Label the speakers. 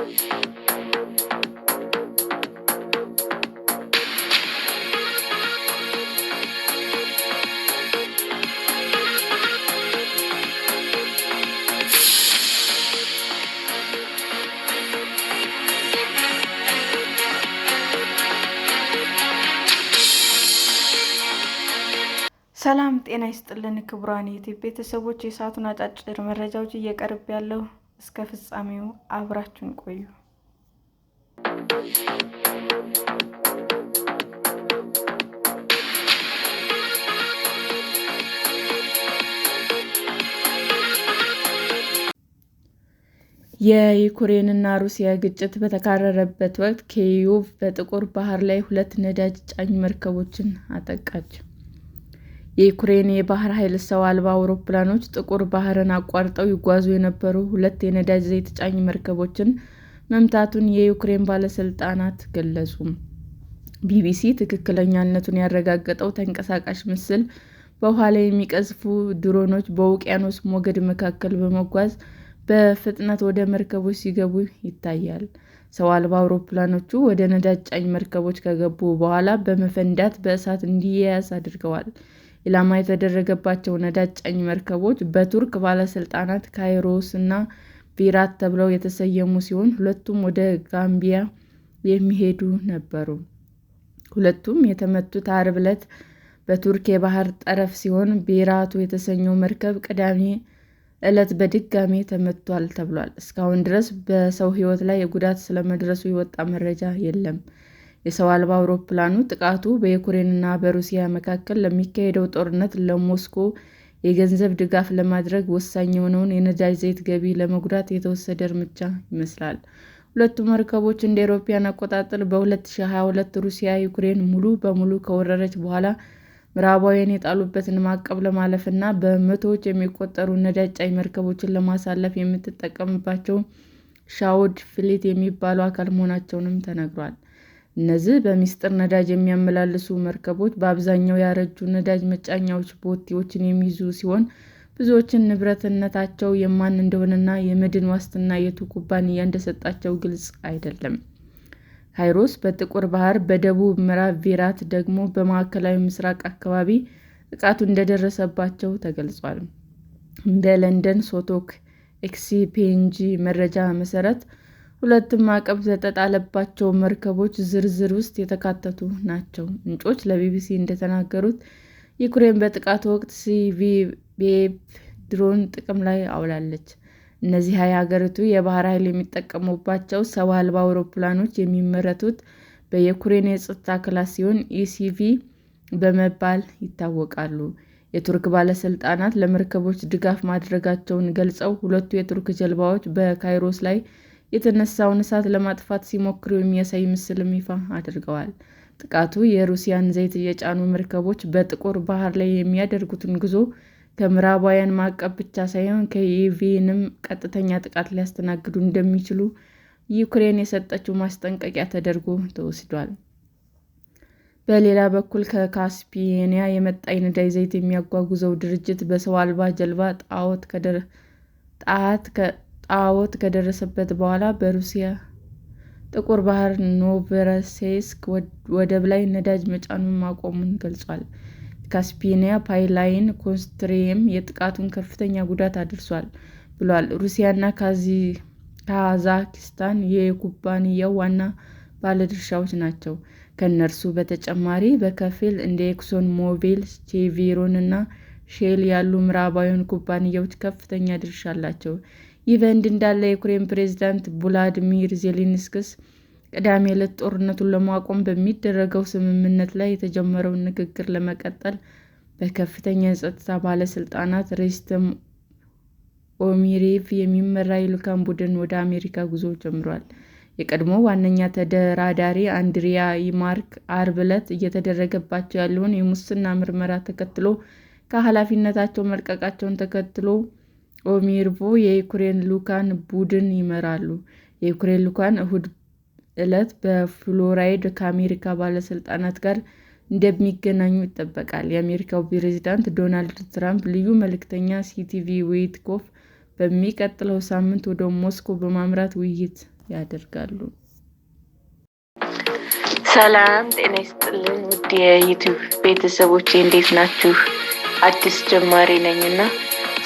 Speaker 1: ሰላም ጤና ይስጥልን ክቡራን የዩቲዩብ ቤተሰቦች፣ የሰዓቱን አጫጭር መረጃዎች እየቀርብ ያለው እስከ ፍጻሜው አብራችን ቆዩ። የዩክሬንና ሩሲያ ግጭት በተካረረበት ወቅት ኪየቭ በጥቁር ባህር ላይ ሁለት ነዳጅ ጫኝ መርከቦችን አጠቃች። የዩክሬን የባህር ኃይል ሰው አልባ አውሮፕላኖች ጥቁር ባህርን አቋርጠው ይጓዙ የነበሩ ሁለት የነዳጅ ዘይት ጫኝ መርከቦችን መምታቱን የዩክሬን ባለስልጣናት ገለጹ። ቢቢሲ ትክክለኛነቱን ያረጋገጠው ተንቀሳቃሽ ምስል በውኃ ላይ የሚቀዝፉ ድሮኖች በውቅያኖስ ሞገድ መካከል በመጓዝ በፍጥነት ወደ መርከቦች ሲገቡ ይታያል። ሰው አልባ አውሮፕላኖቹ ወደ ነዳጅ ጫኝ መርከቦች ከገቡ በኋላ በመፈንዳት በእሳት እንዲያያዝ አድርገዋል። ኢላማ የተደረገባቸው ነዳጅ ጫኝ መርከቦች በቱርክ ባለስልጣናት ካይሮስ እና ቢራት ተብለው የተሰየሙ ሲሆን ሁለቱም ወደ ጋምቢያ የሚሄዱ ነበሩ። ሁለቱም የተመቱት አርብ ዕለት በቱርክ የባህር ጠረፍ ሲሆን ቢራቱ የተሰኘው መርከብ ቅዳሜ ዕለት በድጋሜ ተመቷል ተብሏል። እስካሁን ድረስ በሰው ሕይወት ላይ ጉዳት ስለመድረሱ የወጣ መረጃ የለም። የሰው አልባ አውሮፕላኑ ጥቃቱ በዩክሬንና በሩሲያ መካከል ለሚካሄደው ጦርነት ለሞስኮ የገንዘብ ድጋፍ ለማድረግ ወሳኝ የሆነውን የነዳጅ ዘይት ገቢ ለመጉዳት የተወሰደ እርምጃ ይመስላል። ሁለቱም መርከቦች እንደ አውሮፓውያን አቆጣጠር በ2022 ሩሲያ ዩክሬን ሙሉ በሙሉ ከወረረች በኋላ ምዕራባውያን የጣሉበትን ማዕቀብ ለማለፍና በመቶዎች የሚቆጠሩ ነዳጅ ጫኝ መርከቦችን ለማሳለፍ የምትጠቀምባቸው ሻውድ ፍሊት የሚባሉ አካል መሆናቸውንም ተነግሯል። እነዚህ በሚስጥር ነዳጅ የሚያመላልሱ መርከቦች በአብዛኛው ያረጁ ነዳጅ መጫኛዎች ቦቴዎችን የሚይዙ ሲሆን ብዙዎችን ንብረትነታቸው የማን እንደሆነና የመድን ዋስትና የቱ ኩባንያ እንደሰጣቸው ግልጽ አይደለም። ካይሮስ በጥቁር ባህር፣ በደቡብ ምዕራብ፣ ቬራት ደግሞ በማዕከላዊ ምስራቅ አካባቢ ጥቃቱ እንደደረሰባቸው ተገልጿል። እንደ ለንደን ሶቶክ ኤክስቼንጅ መረጃ መሰረት? ሁለቱም ማዕቀብ የተጣለባቸው መርከቦች ዝርዝር ውስጥ የተካተቱ ናቸው። ምንጮች ለቢቢሲ እንደተናገሩት ዩክሬን በጥቃቱ ወቅት ሲቪቤቭ ድሮን ጥቅም ላይ አውላለች። እነዚህ የሀገሪቱ የባህር ኃይል የሚጠቀሙባቸው ሰው አልባ አውሮፕላኖች የሚመረቱት በዩክሬን የጸጥታ ክላስ ሲሆን ኢሲቪ በመባል ይታወቃሉ። የቱርክ ባለስልጣናት ለመርከቦች ድጋፍ ማድረጋቸውን ገልጸው ሁለቱ የቱርክ ጀልባዎች በካይሮስ ላይ የተነሳውን እሳት ለማጥፋት ሲሞክሩ የሚያሳይ ምስልም ይፋ አድርገዋል። ጥቃቱ የሩሲያን ዘይት የጫኑ መርከቦች በጥቁር ባህር ላይ የሚያደርጉትን ጉዞ ከምዕራባውያን ማዕቀብ ብቻ ሳይሆን ከዩክሬንም ቀጥተኛ ጥቃት ሊያስተናግዱ እንደሚችሉ ዩክሬን የሰጠችው ማስጠንቀቂያ ተደርጎ ተወስዷል። በሌላ በኩል ከካስፒያኒያ የመጣ የነዳጅ ዘይት የሚያጓጉዘው ድርጅት በሰው አልባ ጀልባ ጣት አወት ከደረሰበት በኋላ በሩሲያ ጥቁር ባህር ኖቮሮሲይስክ ወደብ ላይ ነዳጅ መጫኑን ማቆሙን ገልጿል። የካስፒያ ፓይላይን ኮንሶርቲየም የጥቃቱን ከፍተኛ ጉዳት አድርሷል ብሏል። ሩሲያና ካዛክስታን የኩባንያው ዋና ባለድርሻዎች ናቸው። ከእነርሱ በተጨማሪ በከፊል እንደ ኤክሶን ሞቢል፣ ቼቪሮን እና ሼል ያሉ ምዕራባውያን ኩባንያዎች ከፍተኛ ድርሻ አላቸው። ይህ በእንዲህ እንዳለ የዩክሬን ፕሬዝዳንት ቮሎዲሚር ዜሌንስክስ ቅዳሜ ዕለት ጦርነቱን ለማቆም በሚደረገው ስምምነት ላይ የተጀመረውን ንግግር ለመቀጠል በከፍተኛ የጸጥታ ባለስልጣናት ሬስተም ኦሚሮቭ የሚመራ የልዑካን ቡድን ወደ አሜሪካ ጉዞ ጀምሯል። የቀድሞው ዋነኛ ተደራዳሪ አንድሪያ የርማክ አርብ ዕለት እየተደረገባቸው ያለውን የሙስና ምርመራ ተከትሎ ከኃላፊነታቸው መልቀቃቸውን ተከትሎ ኦሚርቮ የዩክሬን ልዑካን ቡድን ይመራሉ። የዩክሬን ልዑካን እሁድ ዕለት በፍሎራይድ ከአሜሪካ ባለሥልጣናት ጋር እንደሚገናኙ ይጠበቃል። የአሜሪካው ፕሬዝዳንት ዶናልድ ትራምፕ ልዩ መልዕክተኛ ሲቲቪ ዊትኮፍ በሚቀጥለው ሳምንት ወደ ሞስኮ በማምራት ውይይት ያደርጋሉ።
Speaker 2: ሰላም ጤና ይስጥልን ውድ የዩቲዩብ ቤተሰቦች እንዴት ናችሁ? አዲስ ጀማሪ ነኝና